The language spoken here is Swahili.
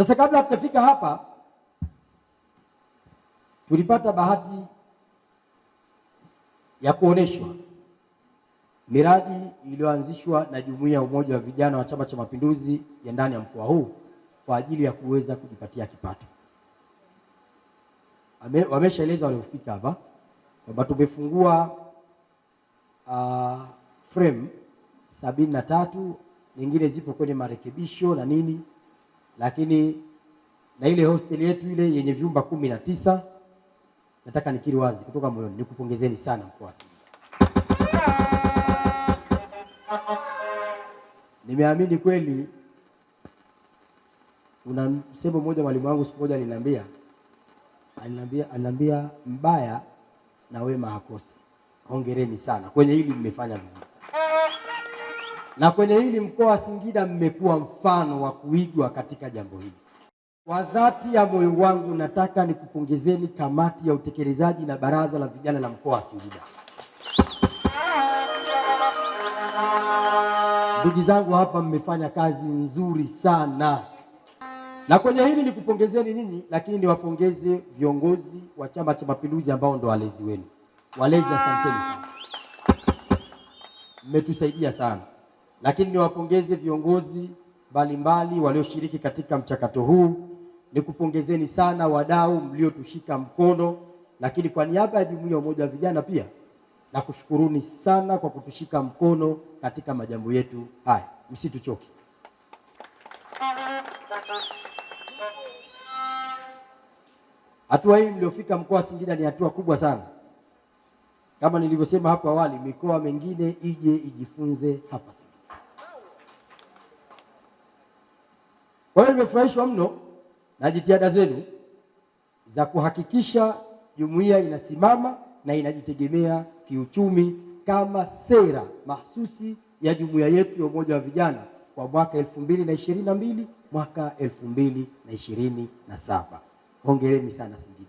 Sasa kabla hatujafika hapa, tulipata bahati ya kuoneshwa miradi iliyoanzishwa na jumuiya ya umoja wa vijana wa Chama cha Mapinduzi ya ndani ya mkoa huu kwa ajili ya kuweza kujipatia kipato. Wameshaeleza waliofika hapa kwamba tumefungua uh, frame sabini na tatu, nyingine zipo kwenye marekebisho na nini lakini na ile hostel yetu ile yenye vyumba kumi na tisa nataka nikiri wazi kutoka moyoni nikupongezeni sana mkoa wa Nimeamini kweli. Kuna msemo mmoja mwalimu wangu siku moja aliniambia, aliniambia, aliniambia mbaya na wema hakosi. Hongereni sana kwenye hili, mmefanya vizuri na kwenye hili mkoa wa Singida mmekuwa mfano wa kuigwa katika jambo hili. Kwa dhati ya moyo wangu nataka nikupongezeni kamati ya utekelezaji na baraza la vijana la mkoa wa Singida. Ndugu zangu hapa, mmefanya kazi nzuri sana, na kwenye hili nikupongezeni ninyi, lakini niwapongeze viongozi wa Chama cha Mapinduzi ambao ndo walezi wenu. Walezi, asanteni sana, mmetusaidia sana. Lakini niwapongeze viongozi mbalimbali walioshiriki katika mchakato huu. Nikupongezeni sana wadau mliotushika mkono, lakini kwa niaba ya jumuiya ya umoja wa vijana pia nakushukuruni sana kwa kutushika mkono katika majambo yetu haya, msituchoke. Hatua hii mliofika mkoa wa Singida ni hatua kubwa sana. Kama nilivyosema hapo awali, mikoa mingine ije ijifunze hapa. Kwa hiyo nimefurahishwa mno na jitihada zenu za kuhakikisha jumuiya inasimama na inajitegemea kiuchumi kama sera mahsusi ya jumuiya yetu ya umoja wa vijana kwa mwaka elfu mbili na ishirini na mbili mwaka elfu mbili na ishirini na saba. Hongereni sana Singida.